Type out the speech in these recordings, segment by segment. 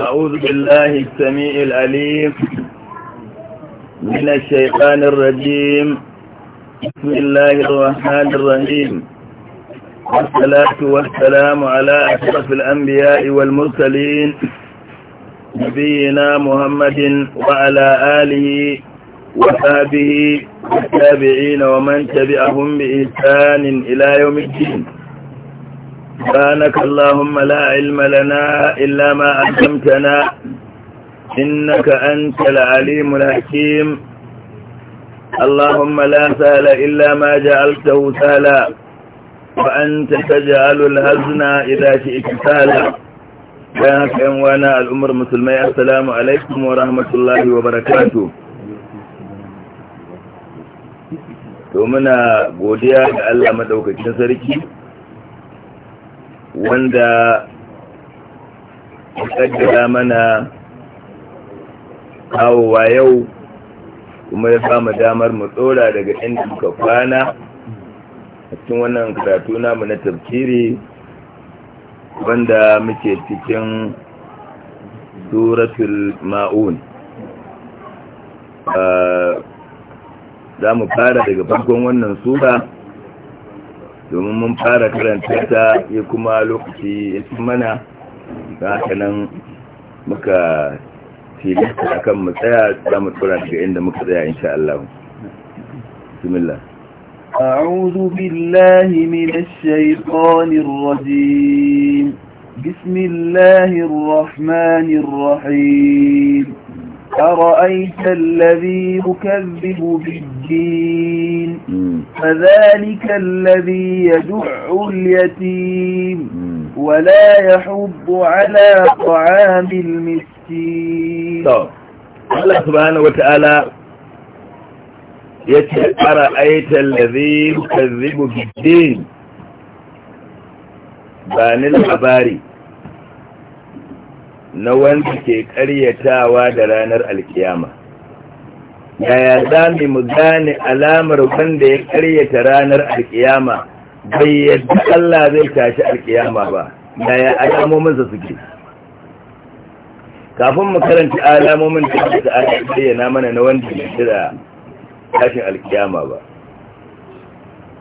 أعوذ بالله السميع العليم من الشيطان الرجيم بسم الله الرحمن الرحيم والصلاة والسلام على أشرف الأنبياء والمرسلين نبينا محمد وعلى آله وصحبه والتابعين ومن تبعهم بإحسان إلى يوم الدين سبحانك اللهم لا علم لنا إلا ما علمتنا إنك أنت العليم الحكيم اللهم لا سهل إلا ما جعلته سهلا وأنت تجعل الهزن إذا شئت سهلا كانت عنوانا الأمر مسلمي السلام عليكم ورحمة الله وبركاته to muna godiya ga Allah madaukakin sarki wanda kaddara mana kawowa yau kuma ya samu damar mu tsora daga inda muka kwana a cikin wannan karatu namu na tafkiri, wanda muke cikin suratul ma'un ah, za mu fara daga farkon wannan sura domin mun fara karanta ta ya kuma lokaci ya fi mana ga hakanan nan muka fili a kan matsaya za mu tura daga inda muka tsaya insha Allah. Bismillah. أعوذ بالله من الشيطان الرجيم بسم الله الرحمن الرحيم أرأيت الذي يكذب بالدين فذلك الذي يدع اليتيم ولا يحب على طعام المسكين الله سبحانه وتعالى يتي أرأيت الذي يكذب بالدين بان الحباري na wanda ke karyatawa da ranar alkiyama yaya za mu gane alamar wanda ya karyata ranar alkiyama bai yadda Allah zai tashi alkiyama ba yaya alamominsa suke kafin mu karanta alamomin da da aka bayyana mana na wanda ya shira tashin alkiyama ba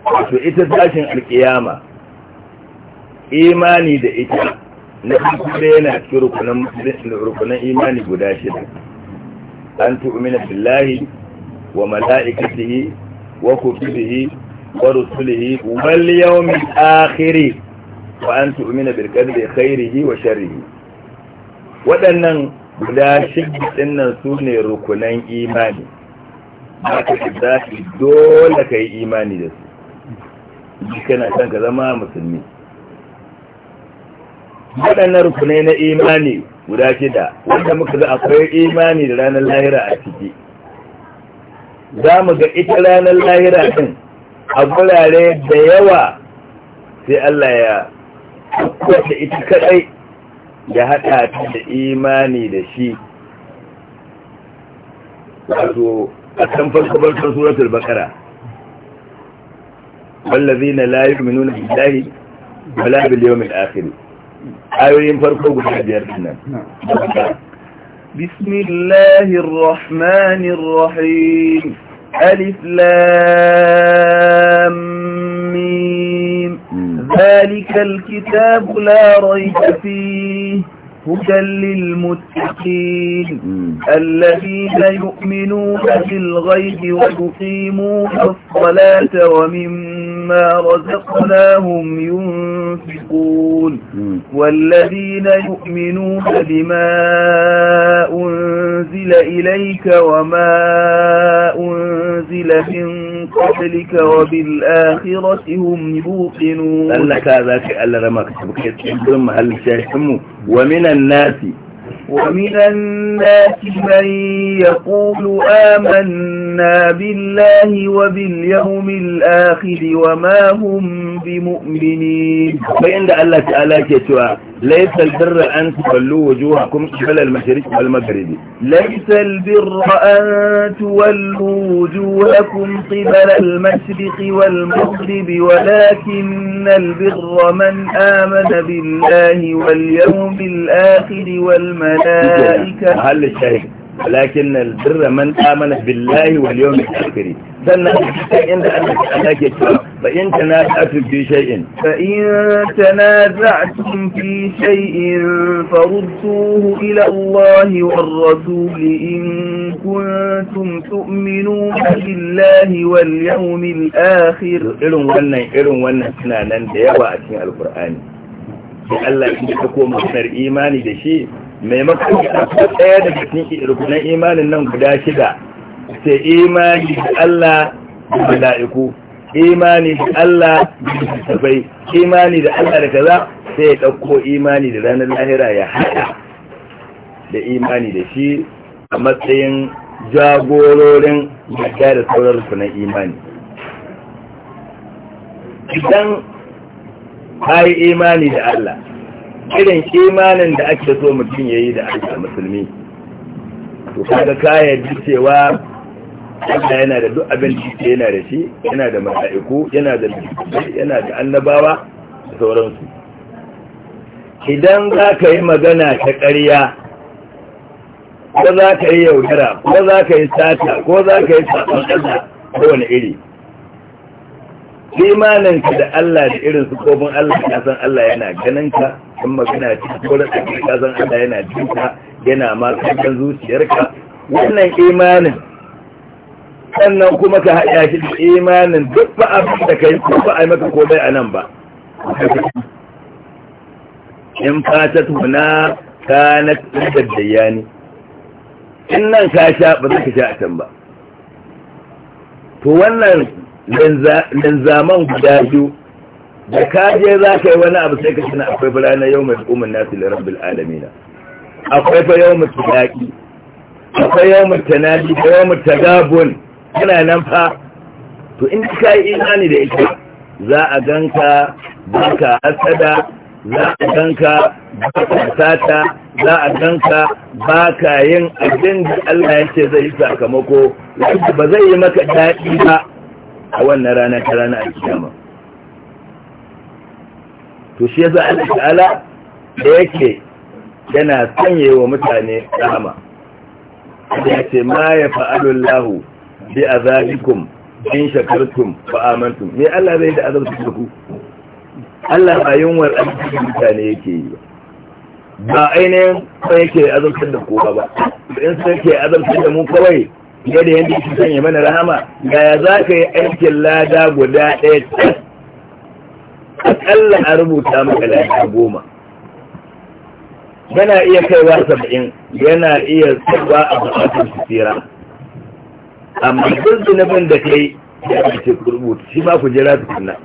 wato ita tashin alkiyama imani da ita na farko da yana cikin rukunan imani guda shida an tu'mina billahi wa mala'ikatihi wa kutubihi wa rusulihi wal yawmil akhiri. wa an tu'mina bil qadri khairihi wa sharrihi waɗannan guda shida dinnan sune rukunan imani ba ka dole kai imani da su kana son ka zama musulmi waɗannan rukunai na imani guda shida wanda muka za akwai imani da ranar lahira a ciki za mu ga ita ranar lahira ɗin a gurare da yawa sai Allah ya kwata ita kaɗai ya haɗa da imani da shi wato a kan farko farkon suratul bakara wallazina la yu'minuna billahi wala bil yawmil akhir آيين فرقوا بسم الله الرحمن الرحيم ألف لام ذلك الكتاب لا ريب فيه هدى للمتقين الذين يؤمنون بالغيب ويقيمون الصلاة ومما رزقناهم ينفقون والذين يؤمنون بما أنزل إليك وما أنزل من من قبلك وبالآخرة هم يوقنون لك ذاك ألا رمك ثم هل شاهمه ومن الناس ومن الناس من يقول آمنا بالله وباليوم الآخر وما هم بمؤمنين فإن الله تعالى كتوى ليس البر أن تولوا وجوهكم قبل المشرق والمغرب ليس البر أن تولوا وجوهكم قبل المشرق والمغرب ولكن البر من آمن بالله واليوم الآخر والملائكة هل الشيخ ولكن البر من آمن بالله واليوم الآخر فإن تنازعتم في شيء فإن تنازعتم في شيء فردوه إلى الله والرسول إن كنتم تؤمنون بالله واليوم الآخر إلن ونن إلن ونن سنانا ديوا وأتين القرآن da Allah in ka koma sanar imani da shi maimakon ka ko da daga cikin rukunan imanin nan guda shida sai imani da Allah da mala'iku imani da Allah da sabai imani da Allah da kaza sai ya ɗauko imani da ranar lahira ya haɗa da imani da shi a matsayin jagororin yadda da sauran rukunan imani idan ka yi imani da Allah irin imanin da ake so mutum ya yi da Allah musulmi to kaga ka cewa Allah yana da duk abin da yana da shi yana da mala'iku yana da yana da annabawa da sauransu idan za ka yi magana ta ƙarya ko za ka yi yaudara ko za ka yi sata ko za ka yi saɓon ƙasa ko wani iri imaninka da Allah da irin su kobin Allah ka san Allah yana ganin ka kan magana cikin ko da ka san Allah yana jin ka yana ma kan zuciyarka wannan imanin sannan kuma ka haɗa shi da imanin duk ba abin da kai ko ba a maka komai a nan ba in fatat huna da tadayyani in nan ka sha ba zaka sha a can ba to wannan lanzaman guda biyu da kaje za ka yi wani abu sai ka na akwai birane na yau mai hukumar nasi da rabbi al'adamina akwai fa yau mai tulaki akwai yau mai tanadi da yau mai tagabun yana nan fa to in ka yi imani da ita za a ganka baka asada za a ganka baka sata za a ganka baka yin abin da Allah ya ce zai yi sakamako ba zai yi maka daɗi ba a wannan rana ta rana a kiyama to shi yasa Allah ta'ala da yake yana sanye wa mutane rahama da yake ma ya fa'alu Allah bi azabikum in shakartum fa amantum me Allah zai da azabta ku Allah ba yunwar azabta mutane yake yi ba ba ainihin sai yake azabtar da ku ba in sai yake azabtar da mu kawai fiye da yadda yake sanya mana rahama ya za ka yi aikin lada guda ɗaya tas aƙalla a rubuta maka lada goma yana iya kaiwa saba'in yana iya tsawa a bukatun su tsira amma duk zunubin da kai ya ce ku rubuta shi ma ku jira su kunna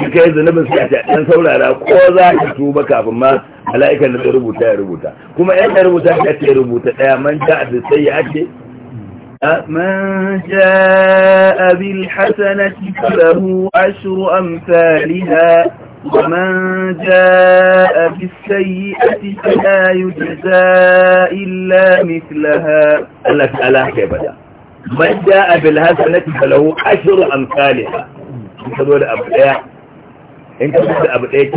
shi kai zunubin su ce ɗan saurara ko za ka tuba kafin ma mala'ikan da rubuta ya rubuta kuma yan rubuta ta ce rubuta ɗaya man ta a sai ya ake من جاء بالحسنة فله عشر أمثالها ومن جاء بالسيئة فلا يجزى إلا مثلها لك ألاك يبدا من جاء بالحسنة فله عشر أمثالها انت دول أبو إيه؟ انت دول أبو إيه؟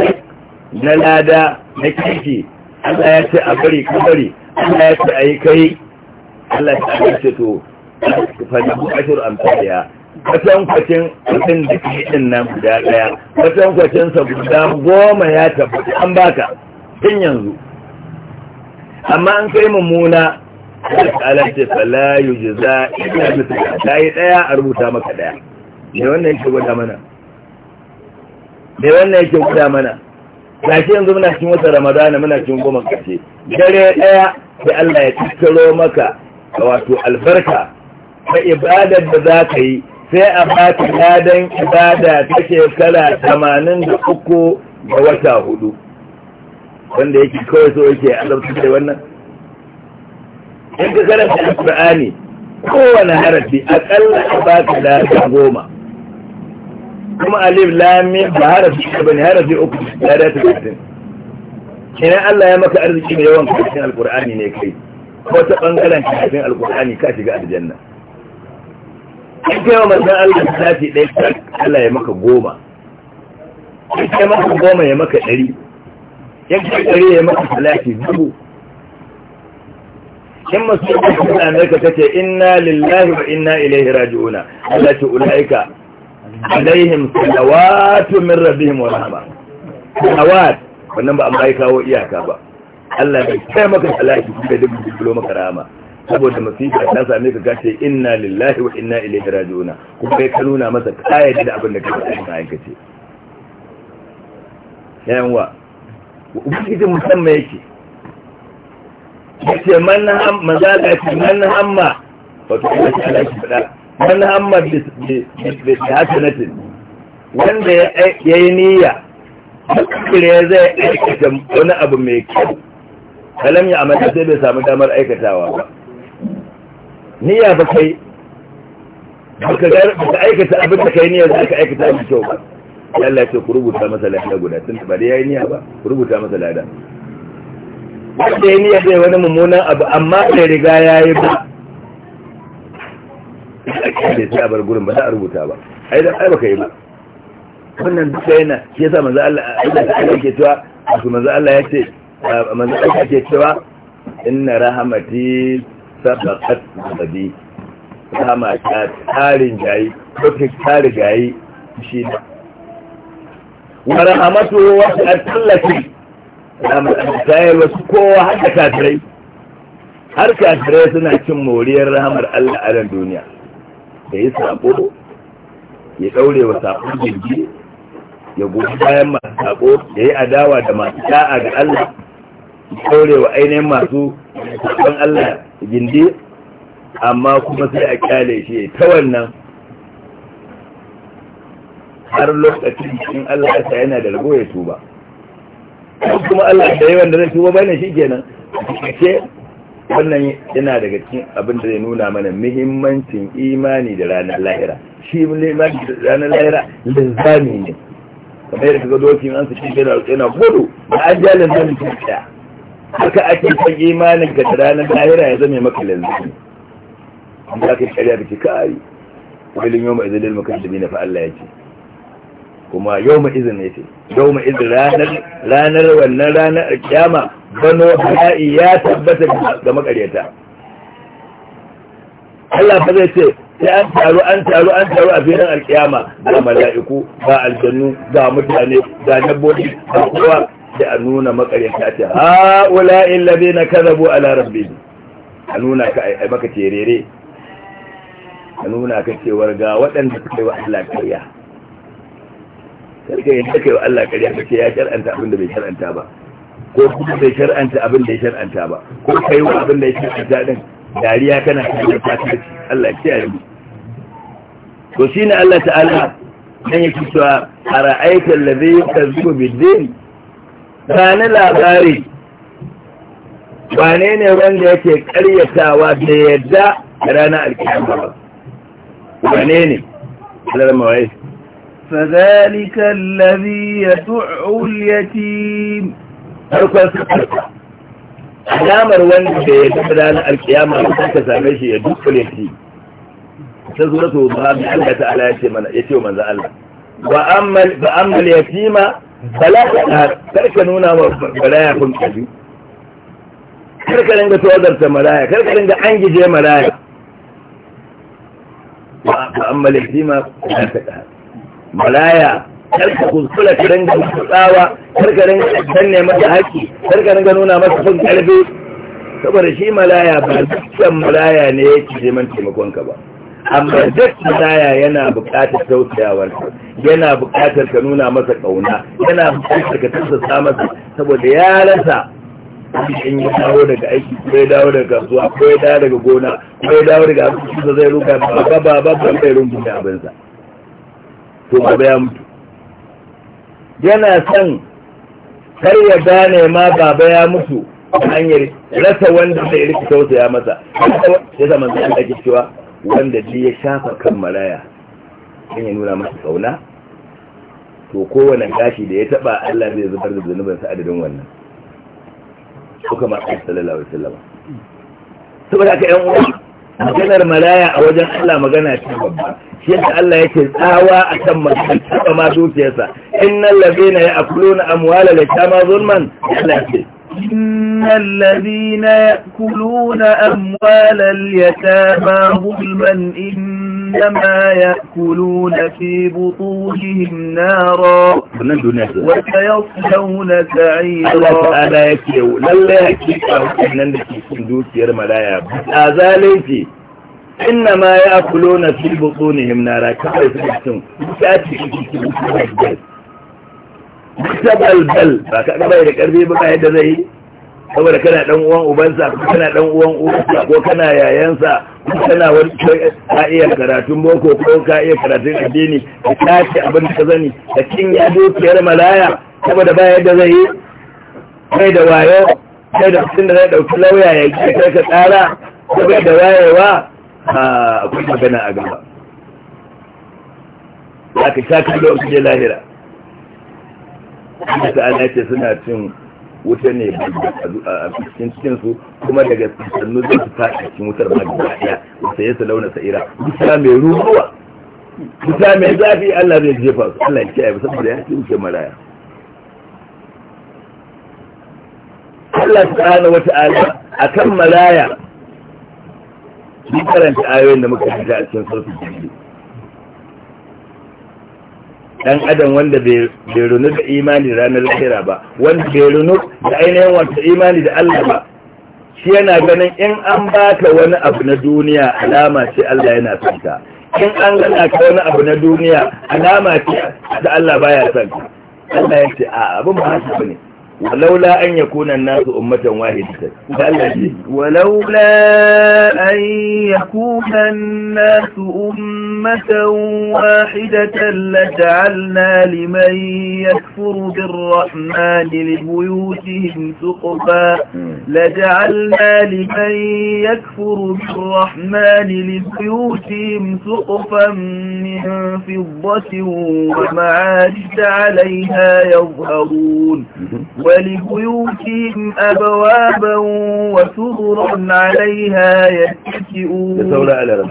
نلادا نكيكي الله يتأبري كبري الله يتأيكي الله يتأبري fajibu ashir amsaliya kwatankwacin abin da ke ɗin nan guda ɗaya kwatankwacinsa guda goma ya tabbata an baka tun yanzu amma an kai mummuna ala ce fala yujza illa mithla ta yi ɗaya a rubuta maka ɗaya me wannan yake gwada mana me wannan yake gwada mana gashi yanzu muna cikin wata ramadana muna cikin goma ƙarshe dare ɗaya da Allah ya tattaro maka wato albarka da ibadar da za ka yi sai a baka ladan ibada ta shekara tamanin da uku da wata hudu wanda yake kawai so yake azabtar da wannan in ka karanta alkur'ani kowane harafi akalla a baka ladan goma kuma alif lami ba harafi ka bane harafi uku da da talatin kina Allah ya maka arziki mai yawan kafin alkur'ani ne kai ko ta bangaren kafin alkur'ani ka shiga aljanna in kai wa manzan Allah lissafi ɗaya Allah ya maka goma in kai maka goma ya maka ɗari in kai ɗari ya maka talafi dubu in masu yi ɗan amerika ta ce inna lillahi wa inna ilaihi raji'una Allah ce ula'ika alaihim salawatu min rabbihim wa rahma salawat wannan ba amma ya kawo iyaka ba Allah ya kai maka talafi da dubu dubu maka rahama saboda masifa ta same ka kace inna lillahi wa inna ilaihi raji'una kuma kai ka nuna masa kayyade da abin da ka faɗa ka aikace yayin wa ubangiji musamman yake yace man ham mazaga ce man hamma wato ya shi Allah ki faɗa man hamma bi bi hasanatin wanda ya yi niyya kire zai aikata wani abu mai kyau kalam ya amata sai bai samu damar aikatawa ba niyya ba kai baka aikata abin da kai niyya da aka aikata abin kyau ba yalla ce ku rubuta masa lada guda tun ba da yi niyya ba ku rubuta masa lada wanda ya niyya zai wani mummunan abu amma ya riga ya yi ba da ya a bar gurin ba za a rubuta ba ai da ai baka yi ba wannan duk yana shi yasa manzo Allah Allah cewa su manzo Allah ya ce manzo Allah ya ce cewa inna rahmati sabakat nabi kama ta tarin jayi ko ta tarin jayi shi ne wa rahamatu wa ta'allati kama ta wasu kowa haka kafirai har kafirai suna cin moriyar rahamar Allah a ran duniya da ya sabo ya daure wa sabon jirgi ya gudu bayan masu sabo ya yi adawa da masu ta'a ga Allah kore wa ainihin masu sabon Allah gindi amma kuma sai a kyale shi ta wannan har lokacin in Allah ya sa yana da rago ya tuba kuma Allah da yawan da zai tuba bayan shi kenan ce wannan yana daga cikin abin da zai nuna mana muhimmancin imani da ranar lahira shi imani da ranar lahira linzami ne kamar yadda kaga dokin an su shi yana gudu da an da zami ta haka ake son imanin ka da ranar lahira ya zame maka lanzu an za ka shari'a da ke ka'ari wailin yau ma'izin lil mukaddimin na fa'alla ya ce kuma yau ma'izin ne ce yau ma'izin ranar wannan ranar kyama bano ha'i ya tabbata ga makaryata Allah ba zai ce sai an taru an taru an taru a filin alkiyama ga mala'iku ga aljannu ga mutane ga dabbobi ga kowa sai a nuna makaryata ce ha'ula illabe na kazabu ala rabbi a nuna ka a maka terere a nuna ka cewar ga waɗanda suka yi wa Allah ƙarya karkai yin suka yi wa Allah ƙarya ka ce ya shar'anta abin da bai shar'anta ba ko kuma bai shar'anta abin da ya shar'anta ba ko kai wa abin da ya shar'anta din dariya kana kallon fatarci Allah ya kiyaye mu to shine Allah ta'ala dan yake cewa ara'aita allazi yukazzibu bid-din ba ni labari ba ne ne wanda yake karyatawa da yadda ranar alkiyama ba ba ne ne alarmawai فذلك الذي يدع اليتيم farkon safarka alamar wanda ya tafi ranar alkiyama a ka same shi ya dukkule shi ta zuwa to ba bi Allah ta'ala ya ce mana ya ce manzo Allah wa ammal fa ammal yatima kar ka nuna ma baraya kun kaji karka ringa tozarta maraya ka ringa an gije maraya ba amma laifi ma faɗa maraya ka kuskura, ka ringa masa kar ka ringa danne masa haƙi ka ringa nuna masa fin ƙarfi saboda shi malaya ba dukkan malaya ne ya ci neman taimakonka ba amma duk hidaya yana buƙatar tausayawar yana buƙatar ka nuna masa ƙauna yana buƙatar ka tausasa masa saboda ya rasa in ya dawo daga aiki ko ya dawo daga kasuwa ko ya dawo daga gona ko ya dawo daga abinci da zai ruka ba ba ba ba ba bai rungu da sa to ba ya mutu yana son kar ya gane ma baba ya mutu hanyar rasa wanda zai rika ya masa ya zama zai ake cewa wanda ji ya shafa kan maraya in ya nuna masa tsauna to kowane gashi da ya taba Allah zai zubar da zunubin sa adadin wannan ko kamar Annabi sallallahu alaihi wasallam saboda haka ƴan uwa maganar maraya a wajen Allah magana ce babba shi yadda Allah yake tsawa a kan magana taba ma dukiyarsa innal ladina ya'kuluna amwala la kama zulman Allah ce. إن الذين يأكلون أموال اليتامى ظلما إنما يأكلون في بطونهم نارا وسيصلون سعيرا الله تعالى يكيو للا يكيو إنن لكي سندوك يرمى لا يابد أذاليتي إنما يأكلون في بطونهم نارا كيف يكتون كاتي كتبت duk ta ba ka ga bai da karfi ba ka yadda zai yi saboda kana dan uwan ubansa ko kana dan uwan uwansa ko kana yayansa ko kana wani ka iya karatun boko ko ka iya karatun addini ka tashi abin da ka zani ka kinya dukiyar malaya saboda ba yadda zai yi kai da wayo kai da mutum da zai dauki lauya ya ke kai ka tsara saboda da wayewa a akwai magana a gaba za ka sha kallo a kuje lahira Allah ta'ala suna cin wuta ne a cikin cikinsu kuma daga sannu zai su ta a cikin wutar magi ba ɗaya wata yasa launa sa'ira wuta mai ruwa wuta mai zafi Allah zai jefa su Allah ya kiyaye musamman da ya wuce maraya Allah wata ala a akan maraya mun karanta ayoyin da muka fita a cikin sarfin jirgin dan adam wanda bai runu da imani ranar lahira ba wanda bai runu da ainihin wata imani da Allah ba shi yana ganin in an baka wani abu na duniya alama ce Allah yana son ka in an gana ka wani abu na duniya alama ce da Allah baya son ka Allah ya ce a abin ba haka bane ولولا أن يكون الناس أمة واحدة ولولا أن يكون الناس أمة واحدة لجعلنا لمن يكفر بالرحمن لبيوتهم سقفا لجعلنا لمن يكفر بالرحمن لبيوتهم سقفا من فضة ومعاجد عليها يظهرون ولبيوتهم أبوابا وسررا عليها يتكئون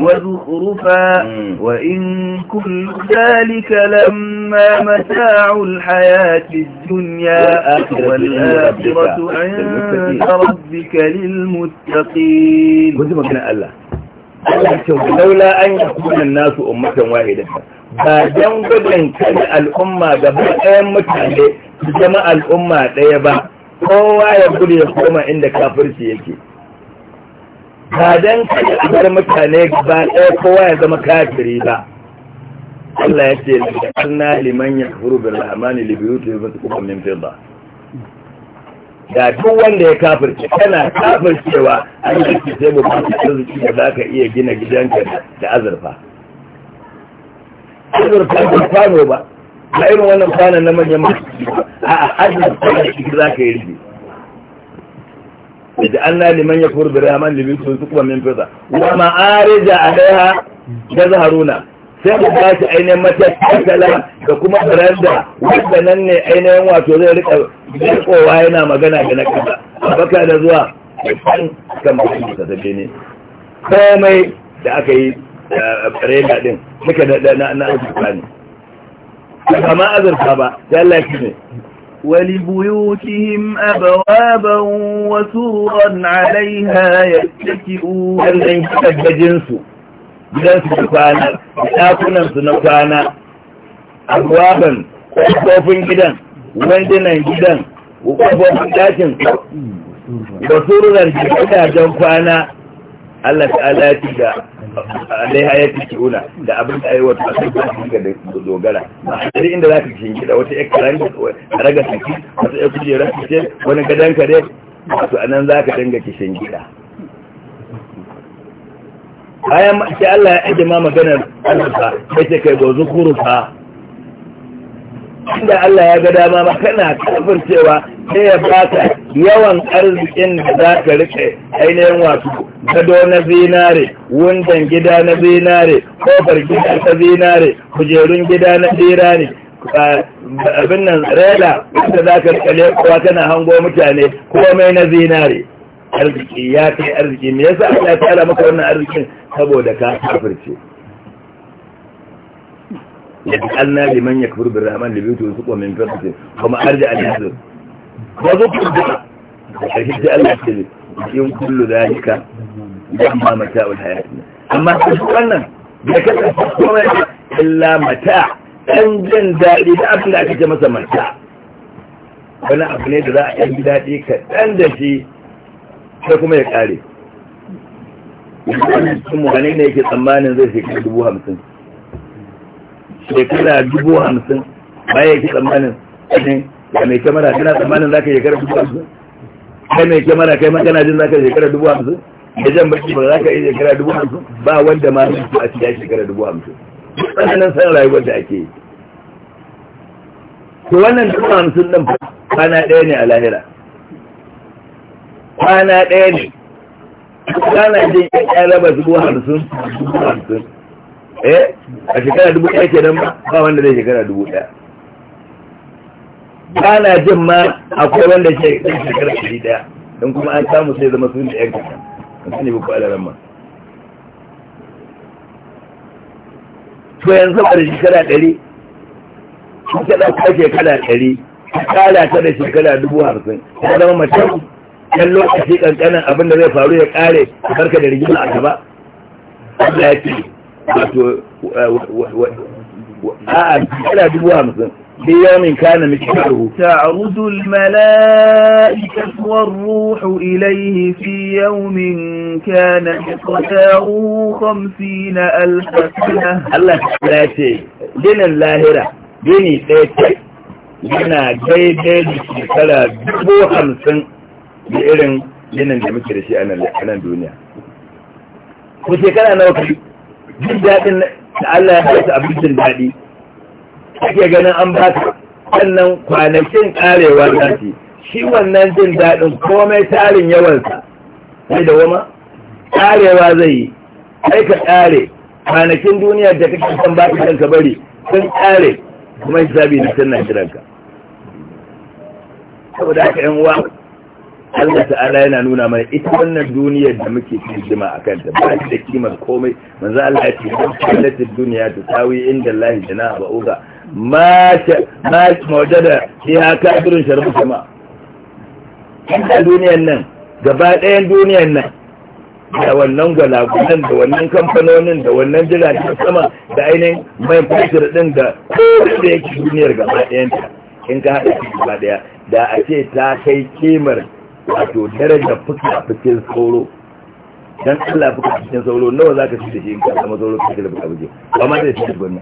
وزخرفا وإن كل ذلك لما متاع الحياة الدنيا والآخرة عند ربك للمتقين لولا أن يكون الناس أمة واحدة ba don gudun kada al'umma ga ɗayan mutane su zama al'umma ɗaya ba kowa ya gudu ya koma inda kafirci yake ba don kada a bar mutane gaba ɗaya kowa ya zama kafiri ba Allah ya ce na liman ya kafuru bin rahamani ta ya zata kuma min ba da duk wanda ya kafirce kana kafircewa an yi sai mu ba su arziki da za ka iya gina gidanka da azurfa azurfa da kwano ba a irin wannan kwanan na manyan masu a a azurfa da shi za ka yi rubi da an na liman ya kuri bira man libin sun su kuma min fesa wa ma'arija a daya da Haruna sai ku ba shi ainihin matakala da kuma da wanda nan ne ainihin wato zai rika rikowa yana magana da na kasa a baka da zuwa kan kan mutum da ne komai da aka yi reda din da na azurfa ne ba ma azurfa ba ya Allah shi ne ولبيوتهم أبوابا وسورا عليها يتكئون لن gajinsu, gidansu da kwana ɗakunansu na kwana abuwaban ƙofofin gidan wandunan gidan ƙofofin ɗakin da sururar gidajen kwana Allah ta'ala ya dai ya fi una, da abin da aiwata a kan kan ga da dogara a dare inda za ka shingida wata ya karanta da, raga saki wata ya kujera ce wani gadon ka dai wato a nan za ka dinga ki shingida bayan sai Allah ya ajiye ma maganar alfa sai ce kai ga gozu fa. inda Allah ya ga dama ma kana kafin cewa sai ya baka yawan arzikin da za ka rike ainihin wasu gado na zinare wundan gida na zinare kofar gida na zinare kujerun gida na zinare abin nan rela wanda za ka rike lekuwa kana hango mutane komai na zinare arziki ya kai arziki me yasa Allah ya tsara maka wannan arzikin saboda ka kafirce لأن لمن يكفر بالرحمن لبيوته ce. من فرقته وما أرجع الحذر وذكر بها فكيف الله كذب يوم كل ذلك لما متاع الحياة أما تشكرنا بكثرة تشكرنا إلا متاع ɗanjin daɗi da abin da aka ce masa mata wani abu ne da za a ɗan daɗi ka ɗan da shi sai kuma ya ƙare wani cikin wani ne yake tsammanin zai shekaru dubu hamsin shekara dubu hamsin baya yake tsammanin ne ga mai kyamara kana tsammanin za ka shekara dubu hamsin kai mai kyamara kai magana jin za ka shekara dubu hamsin da jan baki ba za ka yi shekara dubu hamsin ba wanda ma su a cikin shekara dubu hamsin tsananin san rayuwar da ake yi to wannan dubu hamsin nan kwana ɗaya ne a lahira kwana ɗaya ne kana jin ƴaƴa raba dubu hamsin dubu hamsin eh a shekara dubu ɗaya ke nan ba wanda zai shekara dubu ɗaya ba na jin ma akwai wanda ke kai shekara dubu ɗaya don kuma an samu sai zama sun da ‘yan kasa an sani bukwa da alaran ma to yanzu da shekara ɗari sun ta ɗauka shekara ɗari ta ƙara ta da shekara dubu hamsin ta zama mutum ɗan lokaci ƙanƙanin abin da zai faru ya ƙare a farka da rigima a gaba Allah ya ce wato a'a في يوم كان مكتبه تعرض الملائكة والروح إليه في يوم كان مقداره خمسين ألف سنة الله تعالى دين اللاهرة ديني تيتي دينا جاي جاي شكرا دبو خمسين بإرن دينا جمكرشي أنا الدنيا وشكرا أنا وكري jin daɗin da Allah ya a abincin daɗi ake ganin an ba ka sannan kwanakin ƙarewa za ce shi wannan jin daɗin komai tarin yawansa sai da wama ƙarewa zai yi sai ka ƙare kwanakin duniya da kake san ba ka kanka bari sun ƙare kuma hisabi na sannan jiranka saboda haka Allah ta'ala yana nuna mana ita wannan duniyar da muke cikin jima a kanta ba shi da kimar komai manzo Allah ya ce kallatu duniya ta tawi inda Allah jana ba uga ma ma mawjada fiha kafirun sharbu Kuma inda duniyar nan gaba ɗayan duniyar nan da wannan gwalagunan da wannan kamfanonin da wannan jiragen sama da ainihin mai fashir din da kowace da yake duniyar gaba ɗayanta in ka haɗa shi gaba ɗaya da a ce ta kai kimar wato daraja a fikin sauro, dan Allah fuka cikin sauro, nawa zaka ci da shi in ka zama tsoro kake da fuka fikin ba ma da shi gwanna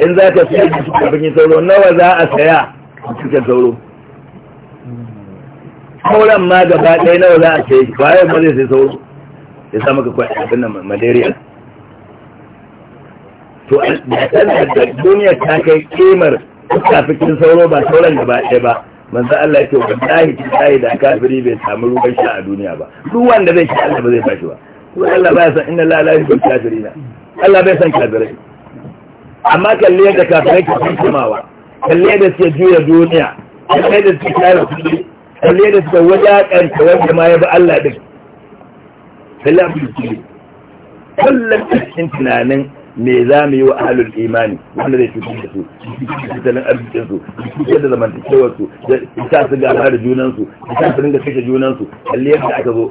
in zaka ci da a fikin sauro, nawa za a saya a cikin sauro? sauran ma gaba ɗaya nawa za a saya shi kwayan ma zai sai sauro ya sa maka kwayan abin nan malaria to da sanar da duniya ta kai kimar fuka fikin sauro ba sauran gaba ɗaya ba manzo Allah yake wallahi tallahi da kafiri bai samu ruwan sha a duniya ba duk wanda zai sha Allah ba zai fashi ba ko Allah baya san inna inna ilaihi raji'un Allah bai san kafirai amma kalle yadda kafirai ke kimawa kalle yadda suke juya duniya kalle yadda suke kare kudi kalle yadda suke wajakanta wanda ma ya bi Allah din kalle da kuli kullum cikin tunanin me za mu yi wa ahalul imani wanda zai cutar da su tattalin arzikinsu. su cutar da zamantakewarsu. su ta su ga da junansu. su ta su ringa kashe junansu. kalli yadda aka zo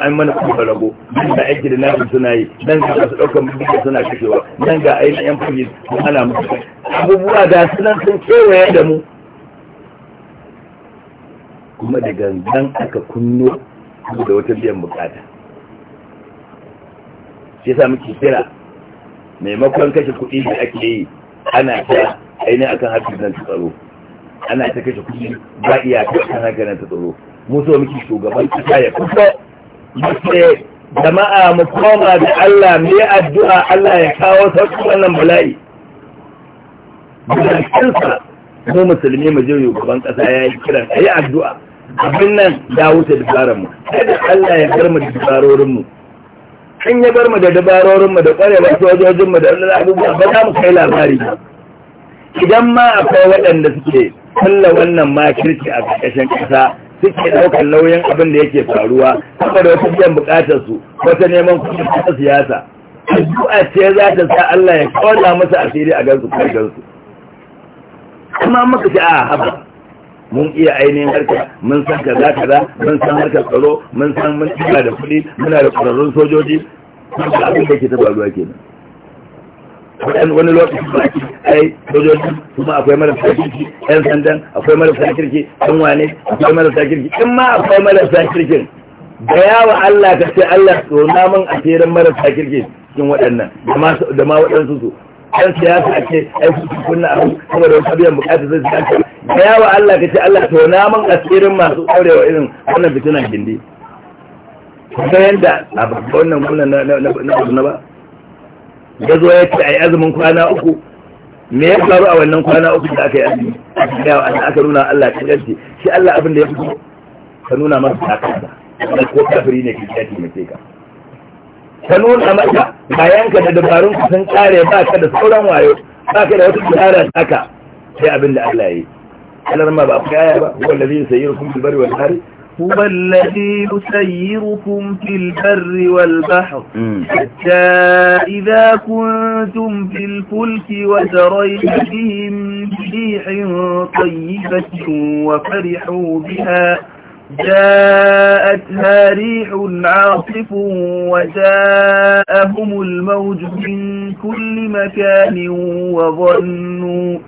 an mana kuma rago nan ga aiki da nasu suna yi nan ga su ɗaukar mutum suna kashewa nan ga ainihin yan fahimci ana hana mu abubuwa da sunan sun kewaye da mu kuma da gangan aka kunno da wata biyan bukata shi yasa muke kira maimakon kashe kuɗi da ake yi ana ta aini kan harkar nan ta tsaro ana ta kashe kuɗi ba iyaka kan harkar nan ta tsaro Musu wa muke shugaban kasa ya kusa mace jama'a mu koma da Allah mu yi addu'a Allah ya kawo sauƙi wannan bala'i bukatunsa mu musulmi mu je shugaban ƙasa ya yi kiran a yi addu'a abin nan ya wuce dabararmu sai da Allah ya karma mu. in ya bar mu da dabarorinmu da ba sojojinmu da abubuwa ba za mu kai labari idan ma akwai waɗanda suke kulla wannan makirci a ƙarƙashin ƙasa suke ɗaukar nauyin abin da yake faruwa saboda wasu biyan buƙatar su wata neman kuɗi ta siyasa addu'a ce za ta sa Allah ya kawo musu asiri a gansu kai gansu amma muka ce a haba mun iya ainihin harka mun san ka ka za mun san harkar tsaro mun san mun iya da kuɗi muna da ƙwararrun sojoji sun ka abin da ke taba ruwa ke nan wani lokaci ba ake ai sojoji kuma akwai marasa kirki yan sandan akwai marasa kirki yan wane akwai marasa kirki in ma akwai marasa kirkin da yawa Allah ka ce Allah tsona min asirin marasa kirki cikin waɗannan da ma waɗansu su ɗan siyasa a ce ai su kunna abu da wasu biyan bukata zai su kanta da yawa Allah ka ce Allah na man asirin masu wa irin wannan fitinan gindi Kuma yadda a wannan wannan na ba ya zo ya ce a yi azumin kwana uku me ya faru a wannan kwana uku da aka yi azumi aka nuna Allah ta yanci shi Allah abin da ya fito ka nuna masa takarda ko kafiri ne ke kyati mai sai ka ta nuna mata bayanka da dabarun ku sun kare ba ka da sauran wayo ba ka da wata tsara taka sai abin da Allah yi Allah ma ba ku yaya ba wanda zai sayi kun bilbari wal hari هو الذي يسيركم في البر والبحر حتى إذا كنتم في الفلك وترين بهم ريح طيبة وفرحوا بها جاءتها ريح عاصف وجاءهم الموج من كل مكان وظنوا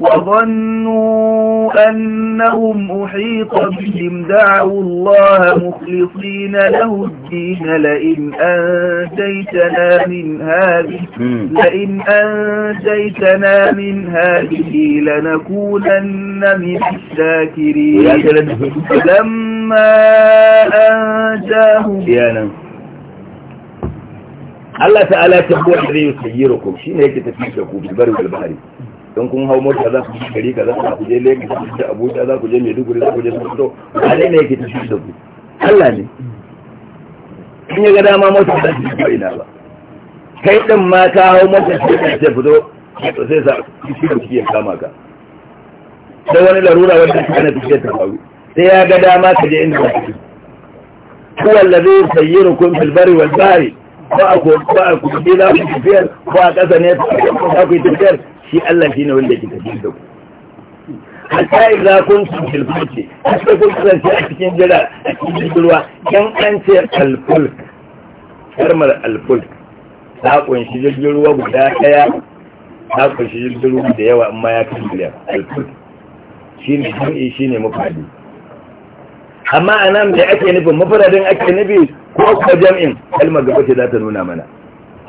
وظنوا أنهم أحيط بهم دعوا الله مخلصين له الدين لئن أنجيتنا من هذه لئن أنجيتنا من هذه لنكونن من الشاكرين فلما أنجاهم الله تعالى تبوح لي يسيركم شيء هيك تتمسكوا بالبر والبحر Don kun hau mota za ku ji gari ka za ku je Lagos za ku je Abuja za ku je Maiduguri za ku je Sokoto wane ne yake tafi da ku Allah ne in ya ga dama mota za ku je ina ba kai din ma ka hau mota sai ka ce fito sai sa kishi da kike kama ka sai wani larura wanda ka na tafiya ta faru sai ya ga dama ka je inda ku huwa allazi yusayyirukum fil barri wal bahri ba ku ba ku je za ku tafiyar ba a ƙasa ku za ku yi tafiyar shi Allah shi ne wanda ke tafi da ku hatta idza kuntum fil fulki hatta kun kasance a cikin jira a cikin ruwa dan an ce al fulk kalmar al fulk ta kunshi jirgin ruwa guda daya ta kunshi jirgin ruwa da yawa amma ya fi miliyan al fulk shine shi ne mafadi amma a nan da ake nufin mafaradin ake nufi ko kuma jam'in? kalmar gaba ce za ta nuna mana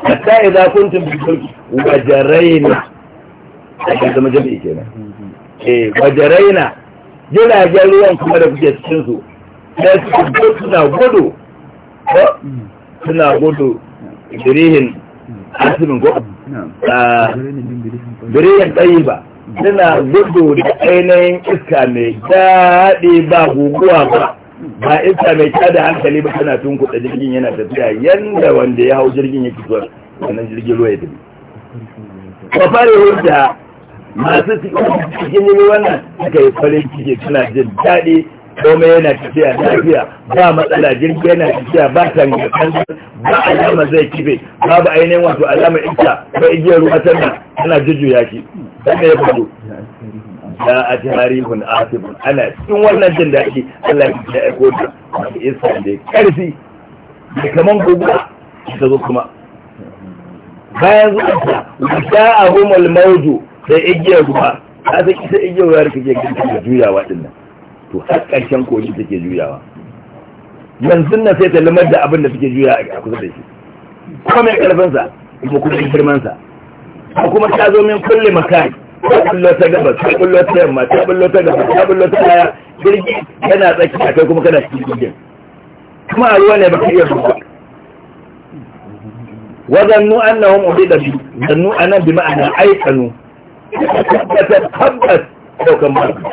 hatta idza kuntum fil fulki wa jarayna ake zama jami'i kenan eh na jiragen ruwan kuma da kuke cikin su sai suna gudu ko suna gudu birihin asibin ko ah, birihin tsayi ba suna gudu da ainihin iska mai daɗi ba guguwa ba ba iska mai tada hankali ba tana tun kuɗa jirgin yana tafiya yanda wanda ya hau jirgin ya fito sannan jirgin ruwa ya tafi. Kwafare hulɗa masu cikin wannan suka yi farin ciki suna jin daɗi komai yana tafiya lafiya ba matsala jirgi yana tafiya ba tangakan ba alama zai kife babu ainihin wato alama ita ba igiyar ruwa tana tana jujjuya shi sannan ya faru ya a tarihun asibin ana cikin wannan jin daɗi allah ya aiko ta, masu isa da ƙarfi da kaman guguwa ta zo kuma bayan zuwa ta wata ahumul maudu sai igiyar ruwa ta san isa igiyar ruwa da kake da juyawa din nan to har ƙarshen koyi take juyawa yanzu na sai ta lamar da abin da take juya a kusa da shi kuma mai ƙarfinsa kuma kuma girmansa kuma ta zo min kulle makai ta bullo ta gabas ta bullo ta yamma ta bullo ta gabas ta bullo ta baya jirgi yana tsaki a kai kuma kana cikin jirgin kuma a ruwa ne baka iya ruwa wa zannu annahum ubida bi zannu anan bi ma'ana aikanu tabbatar tabbas daukan marka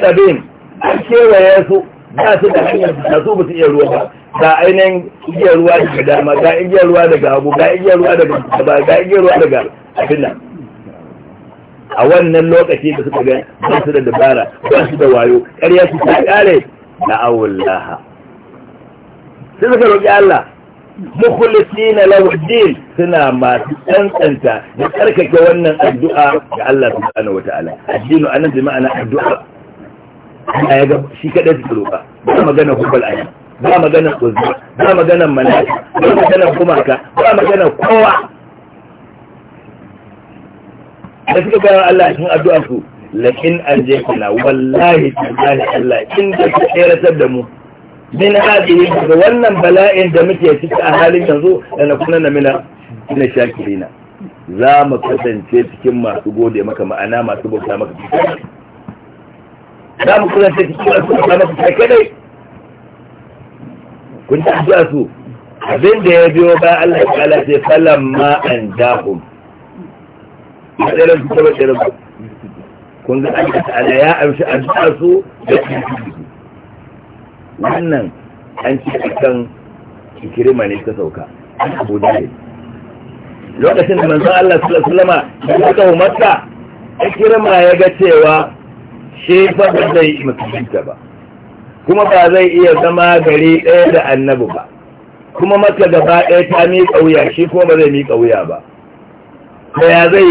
ɗabin an kewaye su ba su da hanyar da su ba su iya ruwa ba ga ainihin igiyar ruwa daga dama ga igiyar ruwa daga hagu ga igiyar ruwa daga gaba ga igiyar ruwa daga abin nan a wannan lokaci da suka ga ba su da dabara ba su da wayo ƙarya su ta ƙare na awullaha sai suka roƙi Allah mukhlisina lahu din suna masu tsantsanta da tsarkake wannan addu'a ga Allah subhanahu wataala addinu anan bi ma'ana addu'a Allah ya ga shi kada su roƙa ba magana hubal ayi ba magana uzza ba magana malaka ba magana ka ba magana kowa da suka gaya Allah cikin addu'a su lakin an je kula wallahi tallahi Allah in da ka tseratar da mu min hadhihi daga wannan bala'in da muke ciki a halin yanzu da na kuna na mina ina shakirina za mu kasance cikin masu gode maka ma'ana masu bauta maka za mu kasance cikin masu bauta maka kai dai. kun ta addu'a su abin da ya biyo ba Allah ya kala sai falan ma an dahum matsayin su ta bace kun ga Allah ta'ala ya amshi addu'a su da cikin wannan an ci kan kirma ne ta sauka an abu dalil lokacin da manzan Allah sallallahu alaihi wasallam ya kawo Makka kirma ya ga cewa shi fa ba zai mutunta ba kuma ba zai iya zama gari ɗaya da annabu ba kuma maka gaba ɗaya ta miƙa wuya shi kuma ba zai miƙa wuya ba ta ya zai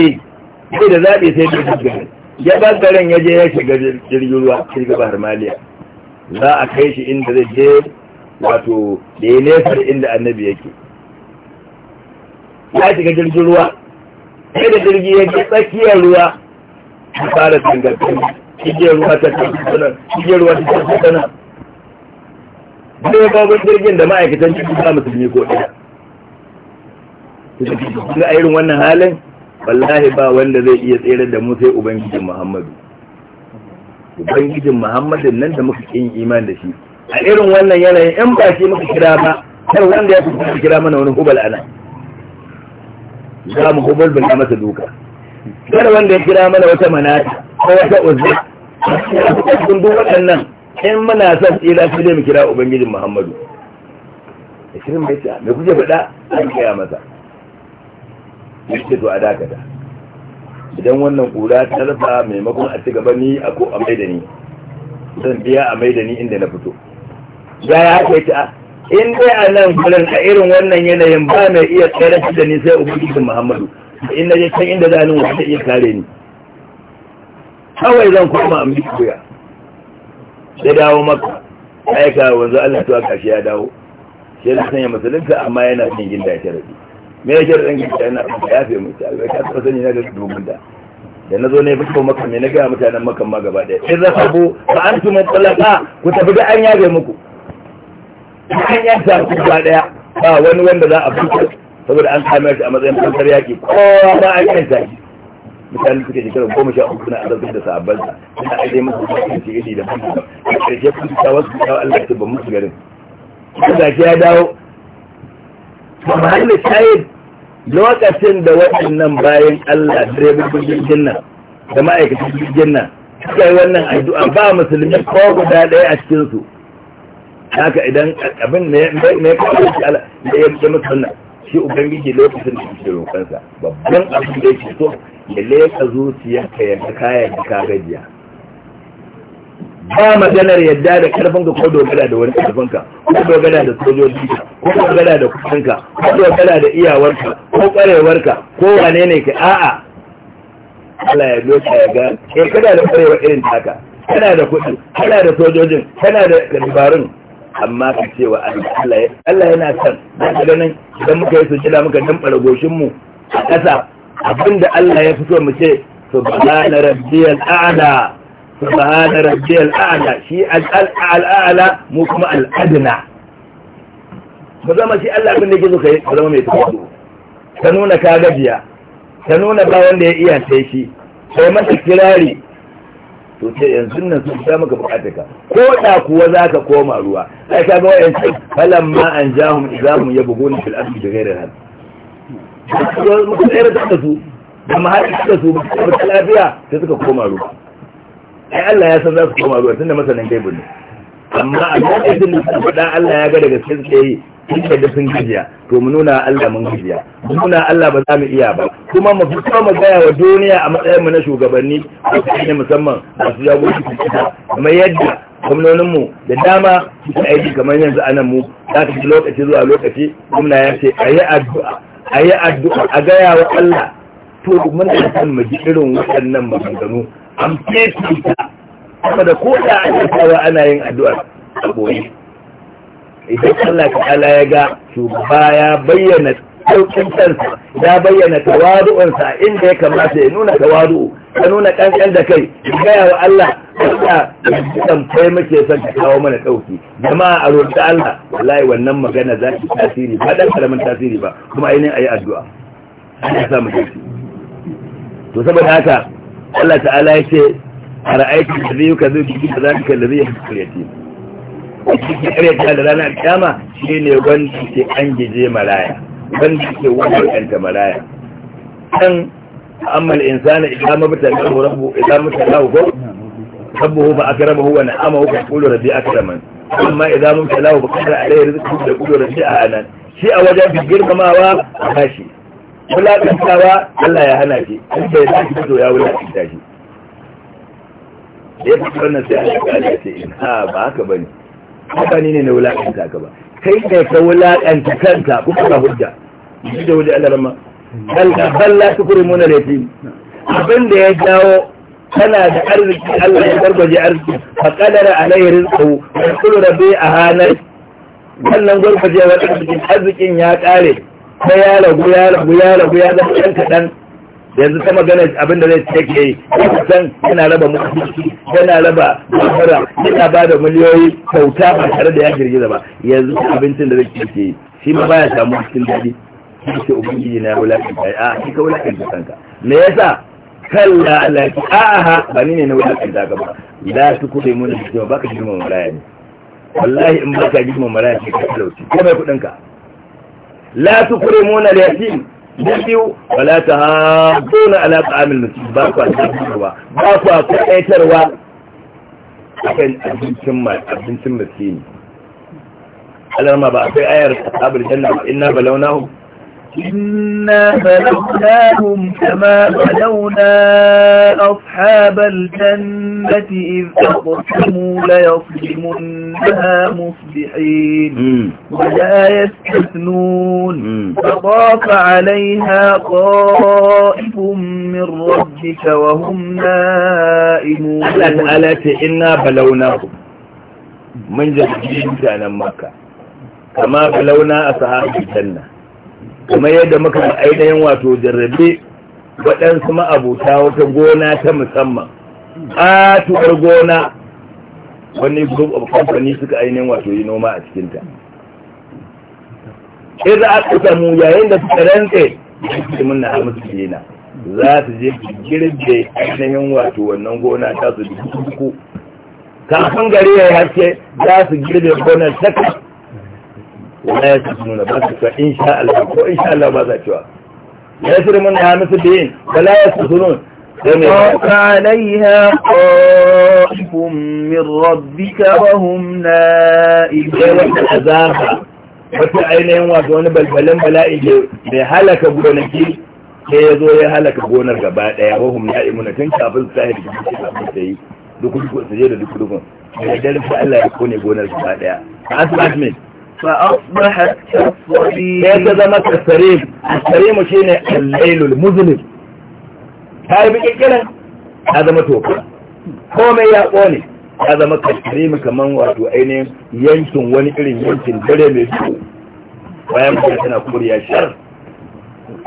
yi da zaɓi sai ta garin ya garin ya je ya shiga jirgin ruwa shiga bahar maliya za a kai shi inda zai je wato da ya nesa da inda annabi yake ya shiga jirgin ruwa sai da jirgi ya ke tsakiyar ruwa a fara tangarfin cikin ruwa ta tafi sanar igiyar ruwa ta tafi babban jirgin da ma'aikatan cikin ba musulmi ko ɗaya su ga irin wannan halin wallahi ba wanda zai iya tsere da mu sai ubangijin muhammadu ubangijin muhammadin nan da muka kin iman da shi a irin wannan yanayin in ba shi muka kira ba har wanda ya fi kira mana wani hubal ana za mu hubal bin masa duka kar wanda ya kira mana wata manata ko wata uzza kun duk waɗannan in muna son tsira sai dai mu kira ubangijin muhammadu da shirin mai ta me kuke faɗa an kaya masa yake to a dakata idan wannan ƙura ta rasa maimakon a ci gaba ni a ko a maida ni zan biya a maida ni inda na fito ya ya ake ta in dai a nan gurin a irin wannan yanayin ba mai iya tsere da ni sai ubangijin muhammadu in na je can inda zanin wata iya kare ni kawai zan koma a miki kuya sai dawo maka aika wanzu allah tuwa kashi ya dawo sai na sanya musulunta amma yana cin ginda ya rabi me ya kyar ɗan gida na abin ya fiye mutu albai ka taɓa sanyi na da dubun da da na zo ne fito maka mai na gaya mutanen makan ma gaba ɗaya in zafa bu ba an tuma ba ku tafi da an yage muku an ta ku ba ɗaya ba wani wanda za a fito saboda an kame shi a matsayin fankar yaƙi kowa ba an yi shi mutane suke shekarar goma sha uku suna azabtar da sahabbansa suna aje musu kwanci iri da kuma a ƙarshe kun ta wasu wa Allah ta tabbar musu garin. Kuma ya dawo. Ba mahallin shayin. lokacin da waɗannan bayan Allah direbobin jirgin nan da ma'aikacin jirgin nan suka yi wannan addu'a ba musulmi ko guda ɗaya a cikin su haka idan abin ne ya kawo ala da ya mutu wannan shi ubangiji lokacin da yake roƙonsa babban abin da ya ke so ya leka zuciyarka ya ga kayan ka gajiya ba maganar yadda da karfinka ko dogara da wani karfinka ko dogara da sojojinka ko dogara da kusanka ko dogara da iyawarka ko kwarewarka ko wane ne ka a'a Allah ya doka ya ga ke eh, kada da kwarewa irin taka kana da kuɗi kana da sojojin kana da dabarun amma ka ce wa Allah Allah yana san da ka ganin idan muka yi su jira muka damfara goshin mu a ƙasa abinda Allah ya fito mu ce subhana rabbiyal a'la subhana rabbiyal a'la shi al'ala mu kuma al'adna ba zama shi Allah abin da yake so kai ba zama mai tawazu ka nuna ka gajiya ka nuna ba wanda ya iya sai shi sai masa kirari to ce yanzu nan sun ta maka ka. ko da kuwa za ka koma ruwa sai ka ga wayan sai falan ma an jahum izahum yabghun fil ardi bighayri hal muka tsere da su amma har da su ba lafiya sai suka koma ruwa ai Allah ya san za su koma zuwa tunda masanin gaibu ne amma a lokacin da suka faɗa Allah ya ga daga gaske suke yi sun da sun gajiya to mu nuna Allah mun gajiya mu nuna Allah ba za mu iya ba kuma mu fito mu gaya wa duniya a matsayin mu na shugabanni a ne musamman masu jagoci su kita kamar yadda gwamnonin mu da dama suke aiki kamar yanzu a nan mu za ta lokaci zuwa lokaci gwamna ya ce a yi addu'a a yi addu'a a gaya wa Allah to muna san mu ji irin waɗannan maganganu an fesa ta da ko da ake ana yin addu'a a boye idan Allah ta'ala ya ga shugaba ya bayyana saukin kansa ya bayyana sa inda ya kamata ya nuna tawadu'u ya nuna kankan da kai gaya wa Allah ya san kai muke son ka kawo mana dauki jama'a a roƙi Allah wallahi wannan magana za ta tasiri ba dan karamin tasiri ba kuma ainihin ayi addu'a Allah ya sa dace to saboda haka Allah ta'ala ya ce a ra'aikin da zai yi ka zai jiki da zaka da zai yi karyati cikin karyata da ranar kyama shi ne wanda ke an gije maraya wanda ke wanda maraya kan amma insana idan mabta da rabbu idan mutalahu ko حبه فأكرمه ونعمه فيقول ربي أكرمن أما إذا ممت له فقدر عليه رزقه فيقول a أهانا Shi a wajen الجرم ما هو ماشي wulaƙantawa Allah ya hana shi an da ya tashi fito ya wulaƙanta shi da ya fi wannan sai Allah ya ce in ha ba haka ba ne haka ne na wulaƙanta ka ba kai ne ka wulaƙanta kanta kuma ka hujja shi da wajen Allah rama balla su kuri muna laifi abin da ya jawo kana da arziki Allah ya gargaje arziki fa kadara alayhi rizqu wa kullu a hanar wannan gurbaje wa arzikin ya kare ko ya ragu ya ragu ya ragu ya zama ɗan kaɗan yanzu ta magana abin da zai take yi kusan yana raba mutunci yana raba mafara yana ba da miliyoyi kyauta ba tare da ya girgiza ba yanzu abincin da zai ke yi shi ma baya samu cikin daɗi shi ce ubangiji na wulaƙanta a shi ka wulaƙanta kanka me yasa kalla la ta'aha ba ni ne na wulaƙanta ka ba la su kuɗe mun da ba ka girma maraya ne wallahi in ba ka girma maraya ce ka talauci ko mai ka. la tukrimuna al-yatim da biyu wala tahadduna ala ta'amil miskin ba ku ba ba ku kaitarwa akan abincin abincin miskini alarma ba akwai ayar inna balawnahum إنا بلوناهم كما بلونا أصحاب الجنة إذ أقسموا ليصلمنها مصبحين ولا يستثنون فطاف عليها طائف من ربك وهم نائمون ألا تعالى إنا بلوناهم من جديد على مكة كما بلونا أصحاب الجنة Kuma yadda muka ainihin wato jarrabe waɗansu ma'abuta wata gona ta musamman a tuɓar gona wani group of company suka ainihin wato yi noma a cikinta Idan za a kusa mu yayin da suka rantse da mun na musu jina za su je girbe ainihin wato wannan gona ta su duku kafin gari ya yi haske za su girbe gonar ta وما يسجنون بذلك إن شاء الحق وإن شاء الله ماذا شواء لا يسرمونها مثل بهين فلا يسجنون فوق عليها قائف من ربك وهم نائدون أذاها وفي عينهم وفي بلبلن بلا إجيو لهلك بونكي kayo ya halaka gonar gaba daya wahum ya imuna tun kafin sahibi da shi da sai duk duk sai da duk duk ne da Allah ya kone gonar gaba daya asbatmen فأصبحت كالصريم كيف زمت السريم السريم شيء الليل المظلم هاي بكلا هذا متوقع هو ما يقولي هذا متسريم كمان واتو أين ينسون وان إلين ينسون بلي مجو ويمكن أن أقول يا شر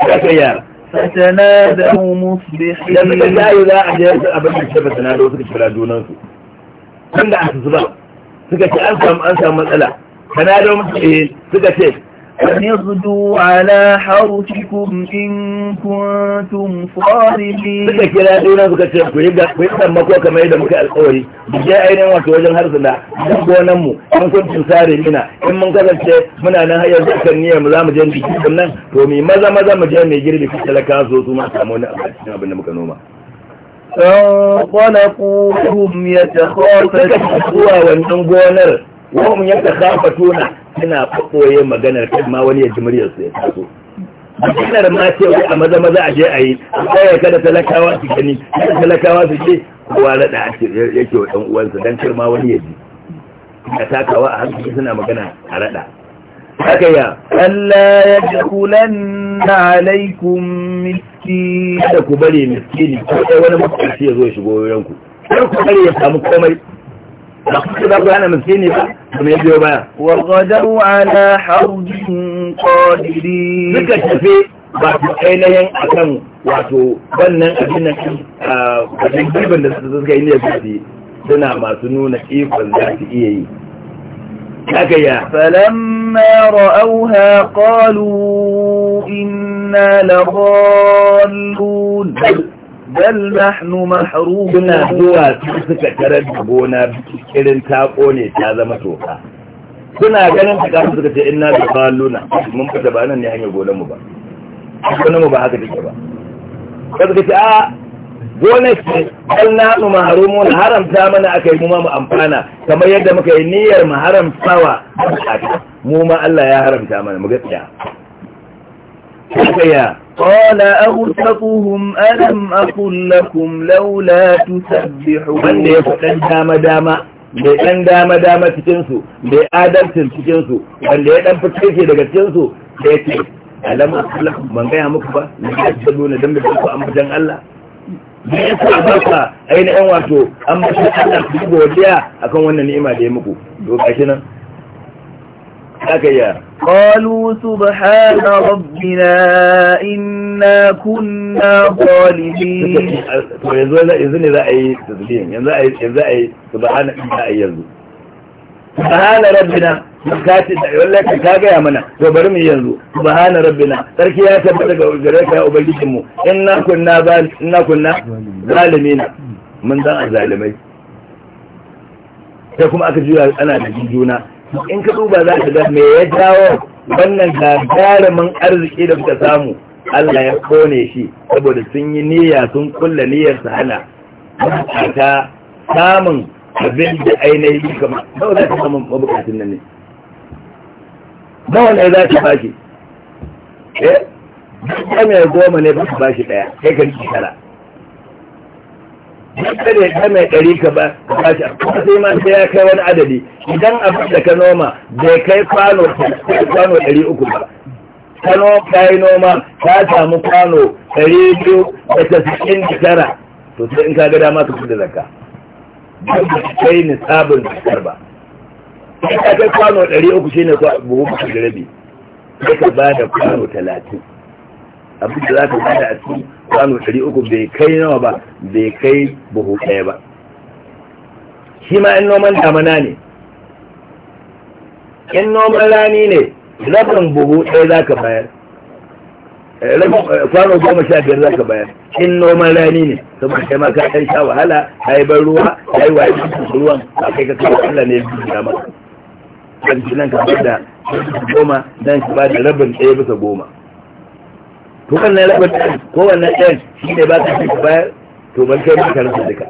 كيف يا فتنادوا مصبحين لأنك لا يلاعب يا أبدا شبه تنادوا سكت فلا دونانسو عند أحسس بقى سكت أنسى أنسى مسألة فنادوا مسلمين سكتين أن يغدوا على حرشكم إن كنتم صارمين suka kira ɗina suka ce ku yi sammako kamar yadda muka alkawari da ke ainihin wato wajen harsuna don gonanmu in kuntum sarimina in mun kasance muna nan hayar da niyyar mu za mu je mu girbi nan to mai maza maza mu je mai girbi ku talaka so su ma samu wani abu a cikin abin da muka noma فانطلقوا هم يتخافتون zuwa wannan gonar wa hum yatakhafatuna suna kokoye maganar kai ma wani ya ji muryar su ya taso maganar ma ce wai a maza maza a je a yi sai kada talakawa su gani kada talakawa su ce kowa rada ce yake wa dan uwansa don kar ma wani ya ji ka takawa a hankali suna magana a rada haka ya Allah ya ji na alaikum miski da ku bari miskini ko wani mutum ya zo shigo yanku kar ku bari ya samu komai وغدوا على حرب قادرين suka tafi ba su ainihin a kan wato wannan abin nan a wajen giban da suka yi ne su suna masu nuna ikon za su iya yi كفيا فلما رأوها قالوا إنا لضالون bal nahnu mahrum na zuwa su suka karar da gona irin ta kone ta zama toka suna ganin ta kasu suka ce inna da faluna mun fita ba nan ne hanyar gonar mu ba gonar mu ba haka take ba sai suka ce a gonar ce bal nahnu mahrumun haramta mana akai mu ma mu amfana kamar yadda muka yi niyyar mu haramtawa mu ma Allah ya haramta mana mu gaskiya حكيا قال أغتقهم ألم أقل لكم لولا تسبحون من يفتن دام دام mai ɗan dama dama cikinsu mai adalcin cikinsu wanda ya ɗan fitar ke daga cikinsu da ya ce alama Allah ban gaya muku ba na ya ci nuna don da ku ambatan Allah da ya sa ba ka ainihin wato ambatan Allah ku godiya akan wannan ni'ima da ya muku to gashi nan أكيا rabbi na ina إنا كنا ظالمين yanzu yanzu ne za a yi tasbihin yanzu a yi yanzu a yi subhana inna ay yanzu subhana rabbina zakati da wallahi ka gaya mana to bari mu yanzu rabbi na sarki ya tabbata daga gare ka ya ubangijin mu inna kunna zal inna kunna zalimina mun a azalimai sai kuma aka juya ana da juna in ka duba za ka ga me ya jawo wannan gagarumin arziki da suka samu Allah ya kone shi saboda sun yi niyya sun kulla niyyar sa hana ta samun abin da ainihi kama ba za ta samun mabukatun nan ne ba wani za ta bashi eh duk mai goma ne ba ta bashi daya kai ka rike shara yadda da ya mai ɗari ka ba a kuma sai ma sai ya kai wani adadi idan abin da ka noma bai kai kwano kwano ɗari uku ba kano kayi noma ta samu kwano ɗari biyu da tasirin da tara to sai in ka ga dama ka da zakka don ka kai nisabin zakar ba sai ka kai kwano ɗari uku shine buhu da rabi sai ka ba da kwano talatin abin da za ka bada a cikin kwano ɗari uku bai kai nawa ba bai kai buhu ɗaya ba shi ma in noman damana ne in noman rani ne rabin buhu ɗaya za ka bayar eh, eh, kwano goma sha biyar za ka bayar in noman rani ne saboda kai ma ka ɗan sha wahala ka yi ban ruwa ka yi waye ruwan ba kai ka kawo Allah ne biyu da maka kan nan ka bada goma nan ka bada rabin ɗaya bisa goma to wannan rabin ɗan ko wannan ɗan shi ne ba ka fi bayar to ban kai maka rasa duka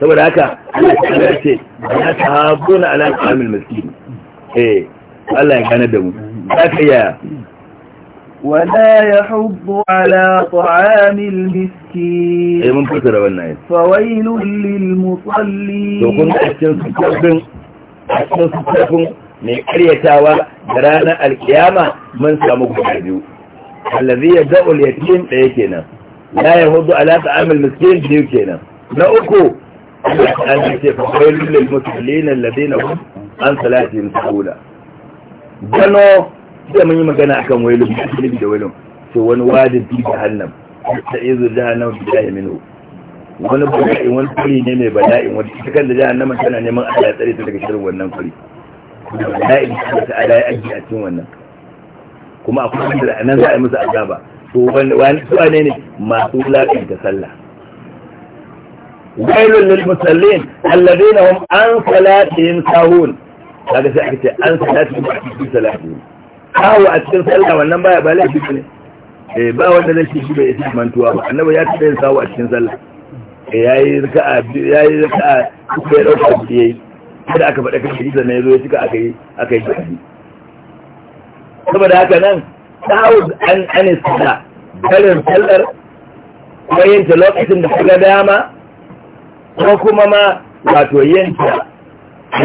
saboda haka Allah ya ce ya tabo na ala kamil miskin eh Allah ya gane da mu za ka iya ولا يحض على طعام المسكين اي من فكره wannan فويل للمصلين to kun cikin sukafin cikin sukafin ne karyatawa da ranar alkiyama mun samu guda biyu allazi ya da'ul yatim ɗaya kenan la yahudu ala ta'amul miskin biyu kenan na uku an ce fa qailul lil muslimin alladhina hum an salatihim sahula gano da mun yi magana akan wailun muslimin da wani wadin wani wani kuri ne mai bala'in wani cikin da jahannama tana neman Allah ya tsare ta daga shirin wannan kuri bala'in ta ala ya a cikin wannan kuma akwai wanda nan za a yi musu azaba to wani su ne ne masu da sallah wailun lil musallin alladheena hum an salatihim sahun kaga sai aka ce an salatihim a salati salatihim kawo a cikin sallah wannan baya ba laifi ne eh ba wanda zai shi bai isa mantuwa ba annabi ya tafi sawo a cikin sallah eh, yayi raka'a yayi raka'a sai dauka yayi kada aka faɗa kan hadisi ne zo ya cika aka yi aka yi saboda haka nan ta'awuz an anista karin sallar wayanta lokacin da ga dama ko kuma ma wato yanta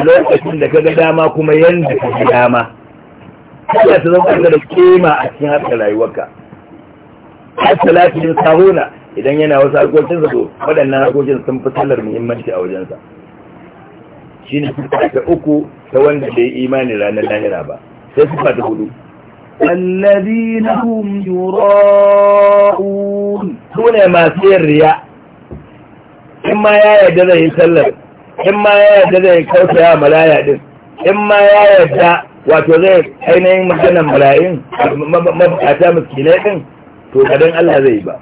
lokacin da ga dama kuma yanda kaga dama Allah ta zama da kima a cikin harkar rayuwarka salatin sahuna idan yana wasu harkokin sa to waɗannan harkokin sun fi sallar muhimmanci a wajensa shine sifa ta uku ta wanda bai imani ranar lahira ba sai sifa ta hudu الذين هم يراءون سنة ما سير رياء إما يا يدد يسلم إما يا يدد يكوت يا ملايا دين إما يا يدد وتغير حين يمكن ملايين مبقاتا مسكينين to kadan Allah zai ba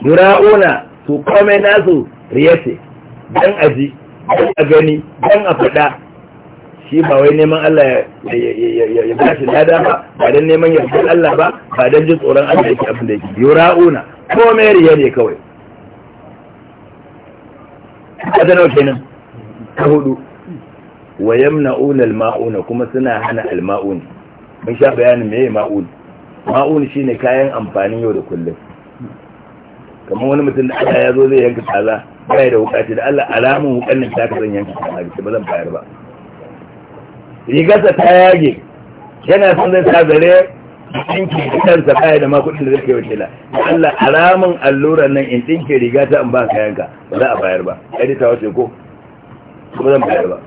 yura'una su kome nasu riyace dan aji dan a gani dan shi ba wai neman Allah ya ba shi lada ba ba don neman fi Allah ba ba don jin tsoron Allah yake abin da yake biyu ra'una ko mai riya ne kawai a zana nauke nan ta hudu wa yamna'una al-ma'una kuma suna hana al mun sha bayanin meye ma'un ma'un shine kayan amfanin yau da kullum kamar wani mutum da Allah ya zo zai yanka tsala bai da wukaci da Allah alamun wukan nan ta ka zan yanka kaza ba zan bayar ba rigarsa ta yage yana son zai sa zare dinki kansa baya da ma kudin da zai kai wakila Allah haramun alluran nan in dinke riga ta in ba ka yanka ba za a bayar ba kai ta wace ko ba zan bayar ba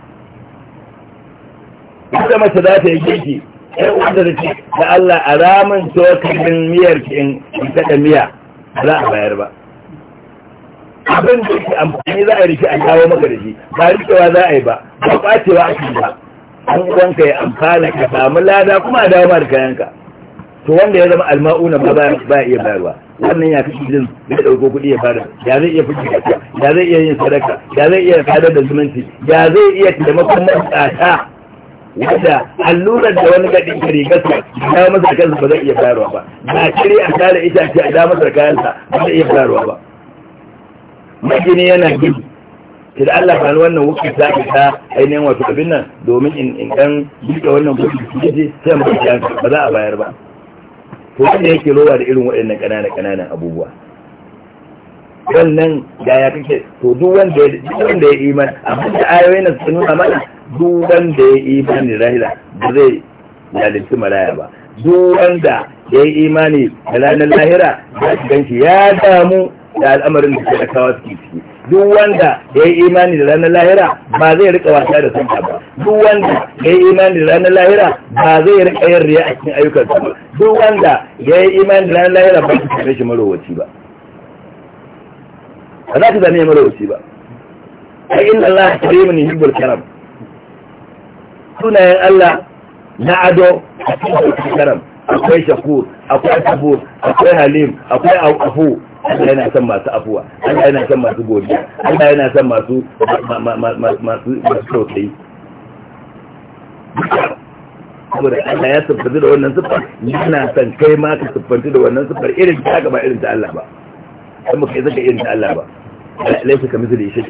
ita mace za ta yi girki sai wanda da ce da Allah haramun cokalin miyar ki in da miya ba za a bayar ba abin da ke amfani za a rike a kawo maka da shi ba rikewa za a yi ba ba kwacewa a ba an ka ya amfana ka samu lada kuma a dawo da kayanka to wanda ya zama alma'una ba ba iya bayarwa wannan ya fi jin da dauko kuɗi ya fara ya zai iya fuki kasa ya zai iya yin sadaka ya zai iya fada da zumunci ya zai iya taimakon matsata wanda allurar da wani gadin ka rigarsa ya masa kansa ba zai iya bayarwa ba ba kire a tare itace a da masa kayansa ba zai iya bayarwa ba magini yana gini. ke da Allah bani wannan wuki ta ke ta ainihin wato abin nan domin in dan duka wannan wuki ki ce sai mu ji ba za a bayar ba to wanda yake lowa da irin waɗannan ƙanana ƙananan abubuwa wannan gaya kake to duk wanda duk wanda ya iman abin da ayoyin nan sun nuna mana duk wanda ya yi da rahila ba zai zalunci maraya ba duk wanda ya yi imani da ranar lahira ya ganshi ya damu da al'amarin da ke talakawa suke ciki duk wanda ya yi imani da ranar lahira ba zai rika wasa da sunta ba duk wanda ya yi imani da ranar lahira ba zai rika yin riya a cikin ayyukansa ba duk wanda ya yi imani da ranar lahira ba zai kare shi marowaci ba ba za ka zame ya marowaci ba ai inna Allah karimun yuhibbul karam sunayen Allah na ado a cikin karam akwai shakur akwai kabur akwai halim akwai afu Allah yana son masu afuwa Allah yana son masu godiya Allah yana son masu masu tausayi saboda Allah ya siffanci da wannan siffar yana son kai ma ka siffanci da wannan siffar irin ta gaba irin ta Allah ba kan muka yi zaka irin ta Allah ba Laisa ka misali shi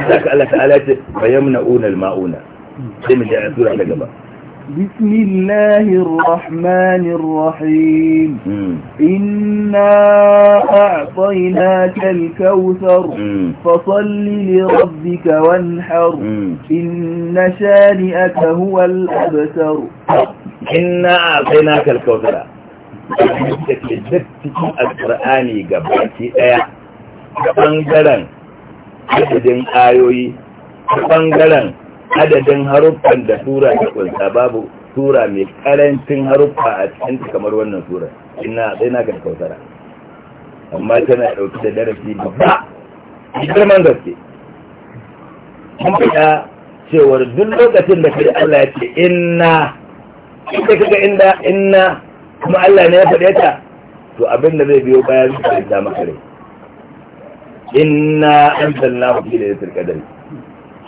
saka Allah ta'ala ce bayan na'unar ma'una sai mu ji a tura ta gaba بسم الله الرحمن الرحيم إنا أعطيناك الكوثر فصل لربك وانحر إن شانئك هو الأبتر إنا أعطيناك الكوثر تكلفتك القرآن قبلك ايه بانجلن عدد آيوي بانجلن adadin haruffan da sura ta kunsa babu sura mai karancin haruffa a cikin kamar wannan sura ina sai na kan kautara amma tana dauki da darasi babba Idan man gaske kun fita cewar duk lokacin da kai Allah ya ce inna ita kaga inda inna kuma Allah ne ya faɗe ta to abin da zai biyo bayan zai ta maka rai inna anzalnahu fi lailatul qadr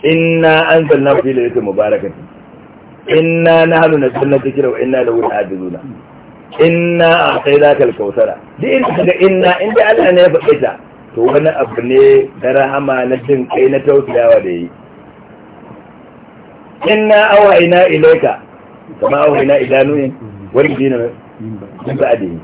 inna an anzalna fi lailatin Mubarakati. inna na na nahnu nazzalna dhikra wa inna lahu zuna. inna a'tainaka al-kautsara duk inda ga inna inda Allah ne ya faɗe ta to wani abu ne na rahama na jin kai na tausayawa da yi inna awhayna ilayka kama awhayna ila nuhin wal jinna min ba'dihi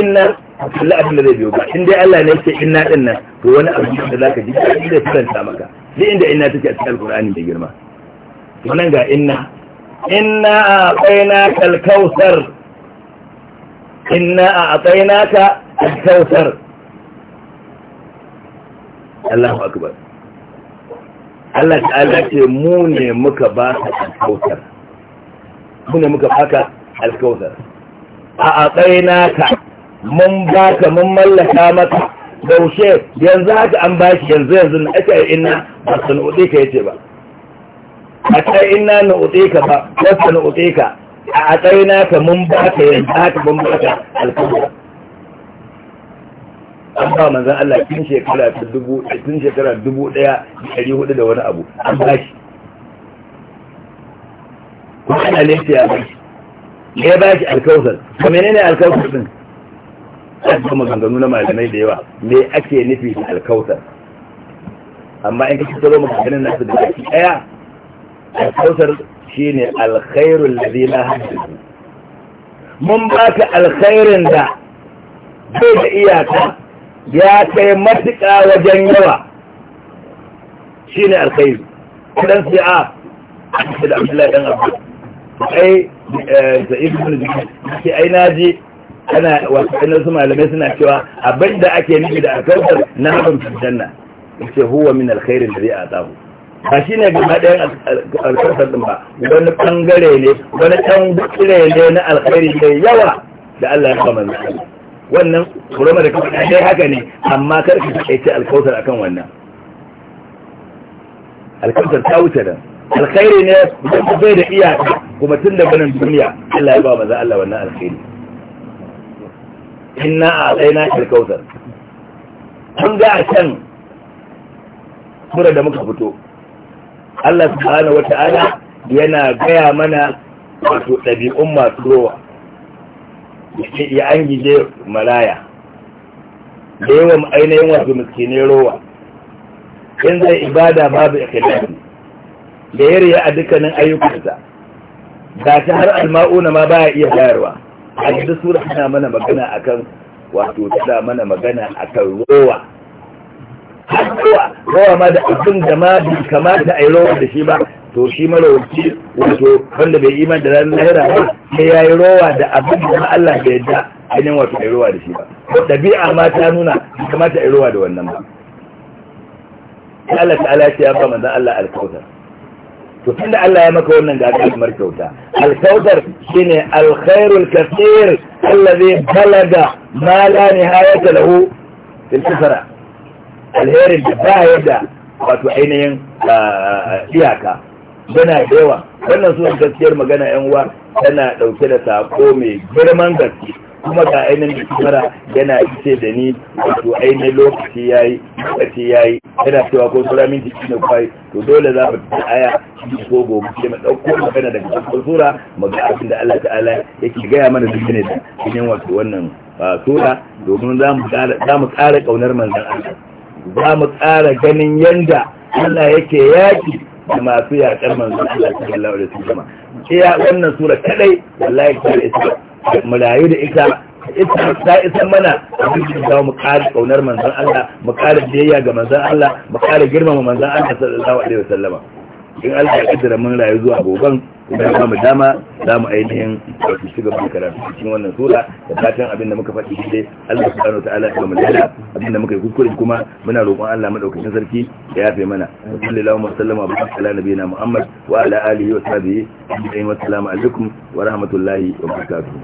inna kalli abin da zai biyo ba in dai Allah ne yake inna din nan to wani abu da zaka ji da zai tsanta maka duk inda inna take a cikin alqur'ani da girma to nan ga inna inna a'tainaka al-kautsar inna a'tainaka al-kautsar Allahu akbar Allah ta ta'ala ce mu ne muka ba ka al-kautsar mu ne muka baka al-kautsar a'tainaka mun ba ka mun mallaka maka yaushe yanzu haka an bashi yanzu yanzu na aka yi ina ba su nuɗe ka yace ba a ta ina na uɗe ka ba ba su uɗe ka a na ka mun ba ka yanzu haka mun ba ka alfahari an ba manzan Allah tun shekara dubu tun shekara dubu ɗaya ɗari hudu da wani abu an ba shi kuma ana ya ba shi ya ba shi alkawusar kuma menene alkawusar ɗin ake maganganu na malamai da yawa me ake nufi da alkautar amma in kashi tsoro maganganun nasu da baki ɗaya alkautar shi ne alkhairun da zai na hajjiji mun ba ka alkhairun da zai da iyaka ya kai matuƙa wajen yawa shi ne alkhairu ɗan sai a ah, da abdullahi ɗan abu ai da eh, sai ai na je ana wasu ɗanar su malamai suna cewa abin da ake nufi da alkautar na haɗin fitanna ce huwa min alkhairin da zai a tsahu ba shi ne gaba ɗayan alkautar ɗin ba wani ɓangare ne wani ɗan bukire ne na alkhairi da yawa da Allah ya kama zai wannan kurama da kama ɗaya haka ne amma kar ka ce alkautar akan wannan alkautar ta wuce da alkhairi ne bai da iyaka kuma tun daga nan duniya Allah ya ba maza Allah wannan alkhairi inna a shi shirkautar an ga a can sura da muka fito Allah subhanahu wa ta'ala yana gaya mana wato ɗabi'un masu rowa ya an gije malaya da yawan ainihin wasu miskinai rowa in zai ibada babu ikhlasi da ya a dukkanin ayyukansa ga ta har alma'una ma baya iya bayarwa a sura ana mana magana akan wato tana mana magana akan rowa haɗuwa rowa ma da abin da ma bi kamata a yi rowa da shi ba to shi marawaci wato wanda bai iman da ranar lahira ba sai ya yi rowa da abin da Allah bai yadda ainihin wato a yi rowa da shi ba ɗabi'a ma ta nuna kamata a yi rowa da wannan ba Allah ta'ala ya ce ya ba manzan Allah alkautar to tunda Allah ya maka wannan gagarumar kyauta alkautar shine alkhairul kaseer allazi balaga ma la nihayata lahu fil safara alherin da ba yadda wato ainihin iyaka yana da yawa wannan sunan gaskiyar magana yan uwa tana dauke da sako mai girman gaske kuma ga ainihin da mara yana ce da ni wato ainihin lokaci ya yi lokaci ya yi yana cewa ko sura min jiki na kwai to dole za mu ta aya cikin ko gobe sai mu ɗauko magana daga cikin sura mu ga abin da Allah ta'ala yake gaya mana duk ne da cikin wato wannan sura domin za mu ƙara ƙaunar manzan Allah za mu ƙara ganin yanda Allah yake yaƙi da masu yaƙar manzan Allah sallallahu alaihi wasallam iya wannan sura kadai wallahi ta isa mu rayu da ita ta isa mana abin da za mu ƙara ƙaunar manzan Allah mu ƙara biyayya ga manzan Allah mu ƙara girmama manzan Allah sallallahu alaihi wasallama in Allah ya kaddara mun rayu zuwa goban idan ba mu dama za mu ainihin wato shiga mun karatu cikin wannan sura da fatan abin da muka faɗi shi dai Allah subhanahu wataala ya mu lada abin da muka yi kuskure kuma muna roƙon Allah madaukakin sarki ya yafe mana sallallahu alaihi wasallam wa ala nabiyina Muhammad wa ala alihi wa sahbihi wa sallam alaikum wa rahmatullahi wa barakatuh